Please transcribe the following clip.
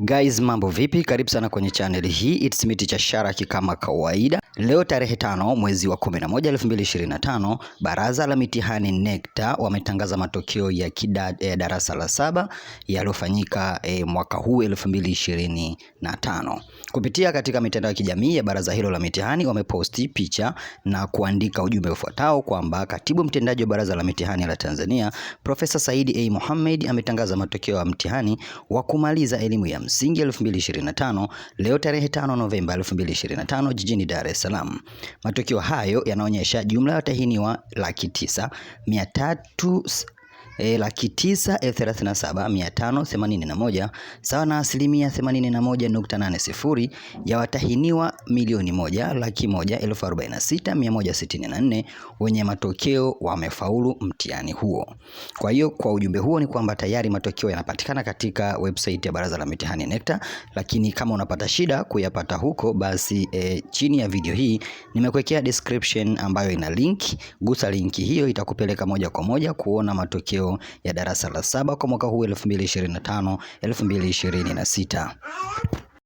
Guys, mambo vipi? Karibu sana kwenye channel hii, it's me Teacher Sharaki kama kawaida. Leo tarehe tano mwezi wa 11 2025, Baraza la Mitihani NECTA wametangaza matokeo ya kida, eh, darasa la saba yaliyofanyika eh, mwaka huu 2025. Kupitia katika mitandao ya kijamii ya baraza hilo la mitihani wameposti picha na kuandika ujumbe ufuatao kwamba Katibu Mtendaji wa Baraza la Mitihani la Tanzania, Profesa Saidi A Mohamed ametangaza matokeo ya mtihani wa kumaliza elimu ya msingi 2025 leo tarehe 5 Novemba 2025 jijini Dar es Salaam. Matokeo hayo yanaonyesha jumla ya watahiniwa laki tisa mia tatu e, laki tisa elfu eh, thelathini na saba mia tano themanini na moja sawa na asilimia themanini na moja nukta nane sifuri ya watahiniwa milioni moja laki moja elfu arobaini na sita mia moja sitini na nne wenye matokeo wamefaulu mtihani huo. Kwa hiyo kwa ujumbe huo ni kwamba tayari matokeo yanapatikana katika website ya Baraza la Mitihani NECTA, lakini kama unapata shida kuyapata huko basi e, chini ya video hii nimekuwekea description ambayo ina link. Gusa link hiyo itakupeleka moja kwa moja kuona matokeo matokeo ya darasa la saba kwa mwaka huu 2025 2026.